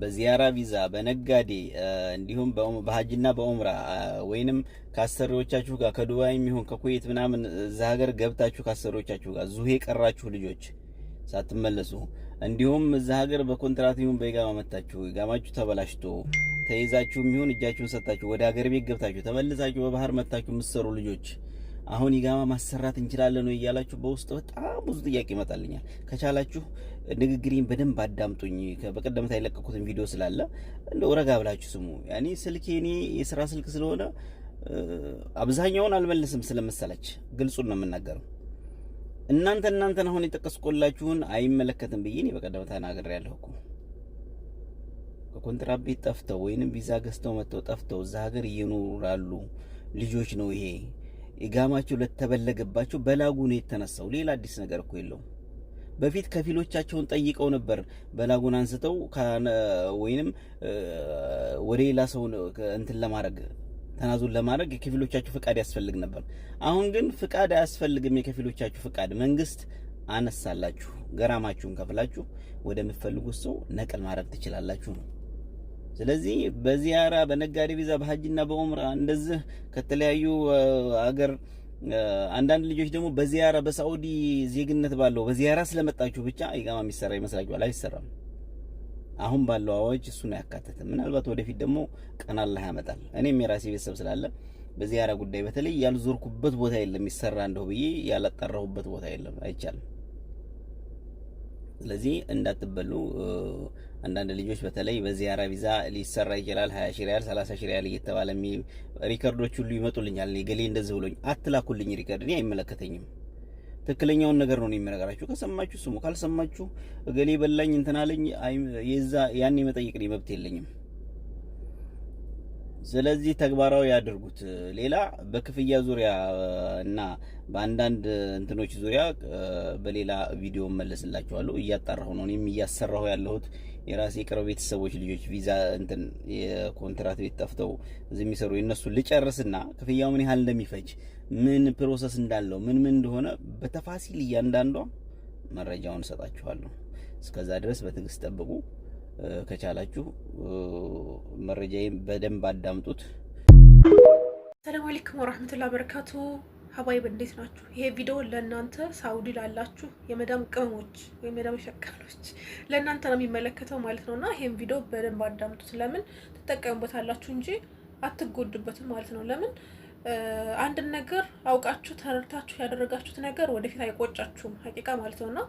በዚያራ ቪዛ፣ በነጋዴ እንዲሁም በሀጅና በኦምራ ወይንም ከአሰሪዎቻችሁ ጋር ከዱባይ የሚሆን ከኩዌት ምናምን እዛ ሀገር ገብታችሁ ከአሰሪዎቻችሁ ጋር ዙ የቀራችሁ ልጆች ሳትመለሱ እንዲሁም እዛ ሀገር በኮንትራት ይሁን በኢቃማ መታችሁ ኢቃማችሁ ተበላሽቶ ተይዛችሁ የሚሆን እጃችሁን ሰጥታችሁ ወደ ሀገር ቤት ገብታችሁ ተመልሳችሁ በባህር መታችሁ የምትሰሩ ልጆች አሁን ኢቃማ ማሰራት እንችላለን ወይ እያላችሁ በውስጥ በጣም ብዙ ጥያቄ ይመጣልኛል። ከቻላችሁ ንግግሬን በደንብ አዳምጡኝ። በቀደምታ የለቀኩትን ቪዲዮ ስላለ እንደው ረጋ ብላችሁ ስሙ። ያኔ ስልኬ እኔ የስራ ስልክ ስለሆነ አብዛኛውን አልመልስም ስለመሰላች ግልጹን ነው የምናገረው። እናንተ እናንተን አሁን የጠቀስኩላችሁን አይመለከትም ብዬ እኔ በቀደምታ ተናግሬያለሁ እኮ ከኮንትራት ቤት ጠፍተው ወይንም ቪዛ ገዝተው መጥተው ጠፍተው እዛ ሀገር እየኖራሉ ልጆች ነው ይሄ የጋማቸው ለተበለገባቸው በላጉ ነው የተነሳው። ሌላ አዲስ ነገር እኮ የለውም። በፊት ከፊሎቻቸውን ጠይቀው ነበር። በላጉን አንስተው ወይንም ወደ ሌላ ሰው እንትን ለማድረግ ተናዞን ለማድረግ የከፊሎቻችሁ ፍቃድ ያስፈልግ ነበር። አሁን ግን ፍቃድ አያስፈልግም። የከፊሎቻችሁ ፍቃድ መንግስት አነሳላችሁ። ገራማችሁን ከፍላችሁ ወደምትፈልጉት ሰው ነቅል ማድረግ ትችላላችሁ ነው ስለዚህ በዚያራ በነጋዴ ቪዛ በሀጅና በኡምራ እንደዚህ ከተለያዩ አገር አንዳንድ ልጆች ደግሞ በዚያራ በሳውዲ ዜግነት ባለው በዚያራ ስለመጣችሁ ብቻ ኢቃማ የሚሰራ ይመስላችኋል። አይሰራም። አሁን ባለው አዋጅ እሱን አያካተትም ምናልባት ወደፊት ደግሞ ቀናላህ ያመጣል። እኔም የራሴ ቤተሰብ ስላለ በዚያራ ጉዳይ በተለይ ያልዞርኩበት ቦታ የለም። ይሰራ እንደው ብዬ ያላጠራሁበት ቦታ የለም። አይቻልም። ስለዚህ እንዳትበሉ። አንዳንድ ልጆች በተለይ በዚያራ ቪዛ ሊሰራ ይችላል። ሀያ ሺ ሪያል ሰላሳ ሺ ሪያል እየተባለ ሪከርዶች ሁሉ ይመጡልኛል። እኔ ገሌ እንደዚህ ብሎኝ፣ አትላኩልኝ ሪከርድ፣ እኔ አይመለከተኝም። ትክክለኛውን ነገር ነው የሚነገራችሁ። ከሰማችሁ ስሙ፣ ካልሰማችሁ እገሌ በላኝ እንትናለኝ የዛ ያን የመጠየቅ መብት የለኝም። ስለዚህ ተግባራዊ ያድርጉት። ሌላ በክፍያ ዙሪያ እና በአንዳንድ እንትኖች ዙሪያ በሌላ ቪዲዮ መለስላችኋለሁ። እያጣራሁ ነው፣ እኔም እያሰራሁ ያለሁት የራሴ ቅርብ ቤተሰቦች ልጆች ቪዛ እንትን የኮንትራት ቤት ጠፍተው እዚህ የሚሰሩ የእነሱ ልጨርስና ክፍያው ምን ያህል እንደሚፈጅ ምን ፕሮሰስ እንዳለው ምን ምን እንደሆነ በተፋሲል እያንዳንዷ መረጃውን እሰጣችኋለሁ። እስከዛ ድረስ በትዕግስት ጠብቁ ከቻላችሁ መረጃዬን በደንብ አዳምጡት። ሰላም አለይኩም ወራህመቱላሂ ወበረካቱ። ሀባይብ እንዴት ናችሁ? ይሄ ቪዲዮ ለእናንተ ሳውዲ ላላችሁ የመዳም ቅመሞች ወይም የመዳም ሸቀሎች ለእናንተ ነው የሚመለከተው ማለት ነው። እና ይሄን ቪዲዮ በደንብ አዳምጡት። ለምን ትጠቀሙበታላችሁ እንጂ አትጎዱበትም ማለት ነው። ለምን አንድን ነገር አውቃችሁ ተረድታችሁ ያደረጋችሁት ነገር ወደፊት አይቆጫችሁም ሀቂቃ ማለት ነው እና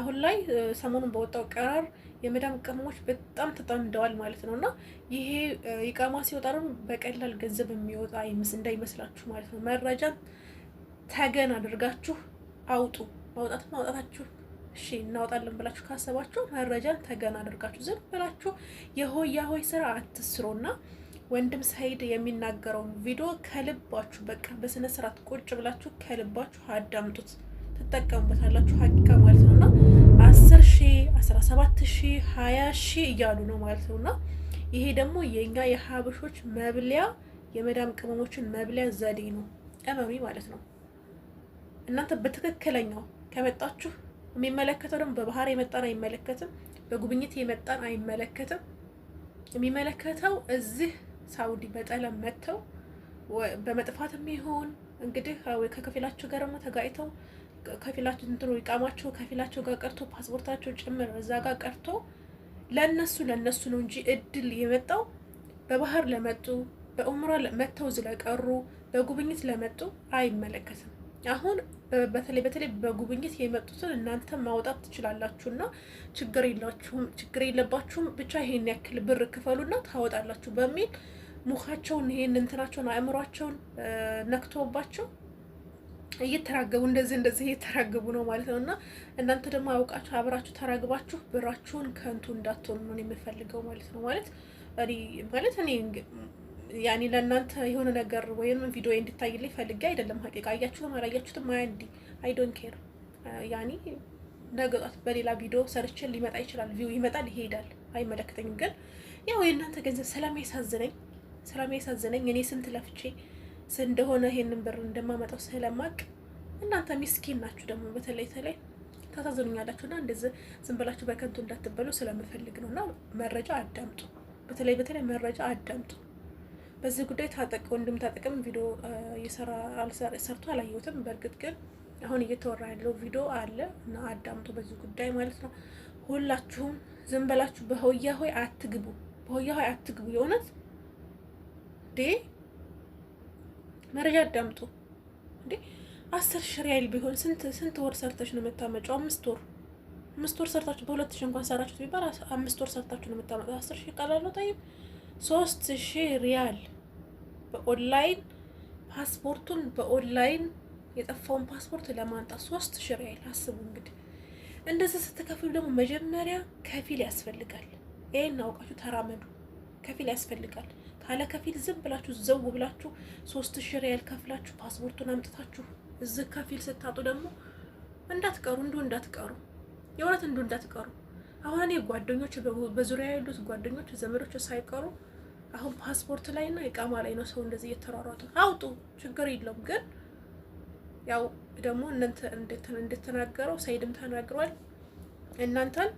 አሁን ላይ ሰሞኑን በወጣው ቀራር የመዳም ቅመሞች በጣም ተጠምደዋል ማለት ነው እና ይሄ ኢቃማ ሲወጣ ደግሞ በቀላል ገንዘብ የሚወጣ እንዳይመስላችሁ ማለት ነው። መረጃን ተገን አድርጋችሁ አውጡ። ማውጣት ማውጣታችሁ እሺ እናወጣለን ብላችሁ ካሰባችሁ መረጃን ተገን አድርጋችሁ ዝም ብላችሁ የሆያሆይ ያሆይ ስራ አትስሩ እና ወንድም ሳይድ የሚናገረውን ቪዲዮ ከልባችሁ በቃ በስነ ስርዓት ቁጭ ብላችሁ ከልባችሁ አዳምጡት፣ ትጠቀሙበታላችሁ ሀቂቃ ማለት ነው። አስር ሺ አስራ ሰባት ሺ ሀያ ሺህ እያሉ ነው ማለት ነው። እና ይሄ ደግሞ የእኛ የሀበሾች መብሊያ የመዳም ቅመሞችን መብሊያ ዘዴ ነው፣ ቀመሚ ማለት ነው። እናንተ በትክክለኛው ከመጣችሁ የሚመለከተው ደግሞ በባህር የመጣን አይመለከትም፣ በጉብኝት የመጣን አይመለከትም። የሚመለከተው እዚህ ሳውዲ በጠለም መጥተው በመጥፋት የሚሆን እንግዲህ ከከፊላችሁ ጋር ደግሞ ተጋጭተው ከፊላቸው እንትኑ ይቃማቸው ከፊላቸው ጋር ቀርቶ ፓስፖርታቸው ጭምር እዛ ጋር ቀርቶ ለእነሱ ለእነሱ ነው እንጂ እድል የመጣው በባህር ለመጡ በኡምራ መጥተው ስለቀሩ በጉብኝት ለመጡ አይመለከትም። አሁን በተለይ በተለይ በጉብኝት የመጡትን እናንተ ማውጣት ትችላላችሁና ችግር የላችሁም፣ ችግር የለባችሁም። ብቻ ይሄን ያክል ብር ክፈሉና ታወጣላችሁ በሚል ሙካቸውን ይሄን እንትናቸውን አእምሯቸውን ነክቶባቸው እየተራገቡ እንደዚህ እንደዚህ እየተራገቡ ነው ማለት ነው። እና እናንተ ደግሞ አውቃችሁ አብራችሁ ተራግባችሁ ብራችሁን ከንቱ እንዳትሆኑ ነው የምፈልገው ማለት ነው። ማለት ማለት እኔ ያኔ ለእናንተ የሆነ ነገር ወይም ቪዲዮ እንዲታይልኝ ፈልጌ አይደለም። ሀቂቃ አያችሁትም አላያችሁትም አያንዲ አይ ዶንት ኬር ያኔ ነገ ጧት በሌላ ቪዲዮ ሰርችን ሊመጣ ይችላል። ቪው ይመጣል ይሄዳል፣ አይመለከተኝም። ግን ያው የእናንተ ገንዘብ ስለሚያሳዝነኝ ስለሚያሳዝነኝ እኔ ስንት ለፍቼ እንደሆነ ይሄንን ብር እንደማመጣው ስለማቅ እናንተ ሚስኪን ናችሁ። ደግሞ በተለይ ተለይ ታሳዝኑኛላችሁ እና እንደዚህ ዝም ብላችሁ በከንቱ እንዳትበሉ ስለምፈልግ ነው። እና መረጃ አዳምጡ፣ በተለይ በተለይ መረጃ አዳምጡ። በዚህ ጉዳይ ታጠቅ ወንድም ታጠቅም ቪዲዮ ሰርቶ አላየሁትም። በእርግጥ ግን አሁን እየተወራ ያለው ቪዲዮ አለ እና አዳምጡ በዚህ ጉዳይ ማለት ነው። ሁላችሁም ዝም ብላችሁ በሆያ ሆይ አትግቡ፣ በሆያ ሆይ አትግቡ። የእውነት ዴ መረጃ አዳምጡ እንዴ አስር ሺ ሪያል ቢሆን ስንት ስንት ወር ሰርተሽ ነው የምታመጪው? አምስት ወር አምስት ወር ሰርታችሁ በሁለት ሺ እንኳን ሰራችሁ ቢባል አምስት ወር ሰርታችሁ ነው የምታመጡት። አስር ሺ ቀላል ነው። ጠይም ሶስት ሺ ሪያል በኦንላይን ፓስፖርቱን በኦንላይን የጠፋውን ፓስፖርት ለማንጣት ሶስት ሺ ሪያል አስቡ እንግዲህ። እንደዚህ ስትከፍሉ ደግሞ መጀመሪያ ከፊል ያስፈልጋል። ይህን አውቃችሁ ተራመዱ። ከፊል ያስፈልጋል። ካለ ከፊል ዝም ብላችሁ ዘው ብላችሁ ሶስት ሺ ሪያል ከፍላችሁ ፓስፖርቱን አምጥታችሁ እዚህ ከፊል ስታጡ ደግሞ እንዳትቀሩ እንዱ እንዳትቀሩ የእውነት እንዱ እንዳትቀሩ። አሁን እኔ ጓደኞች በዙሪያ ያሉት ጓደኞች ዘመዶች ሳይቀሩ አሁን ፓስፖርት ላይና ይቃማ ላይ ነው ሰው እንደዚህ እየተሯሯጡ አውጡ፣ ችግር የለውም ግን ያው ደግሞ እናንተ እንደተናገረው ሰይድም ተናግሯል እናንተን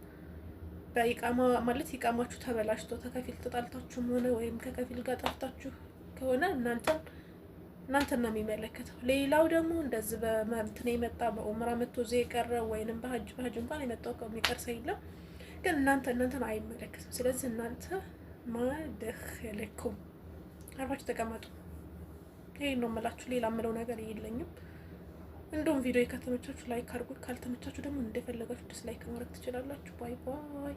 በኢቃማ ማለት ኢቃማችሁ ተበላሽቶ ከከፊል ተጣልታችሁም ሆነ ወይም ከከፊል ጋር ጠፍታችሁ ከሆነ እናንተን እናንተን ነው የሚመለከተው። ሌላው ደግሞ እንደዚህ በእንትን የመጣ በኡምራ መጥቶ እዚህ የቀረ ወይንም በሀጅ በሀጅ እንኳን የመጣው ከሚቀር ሰው የለም፣ ግን እናንተ እናንተን አይመለከትም። ስለዚህ እናንተ ማደኸለኩም አርባችሁ ተቀመጡ። ይሄ ነው የምላችሁ። ሌላ የምለው ነገር የለኝም። እንደውም ቪዲዮ ከተመቻችሁ ላይክ አድርጉት፣ ካልተመቻችሁ ደግሞ እንደፈለጋችሁ ዲስላይክ ማድረግ ትችላላችሁ። ባይ ባይ።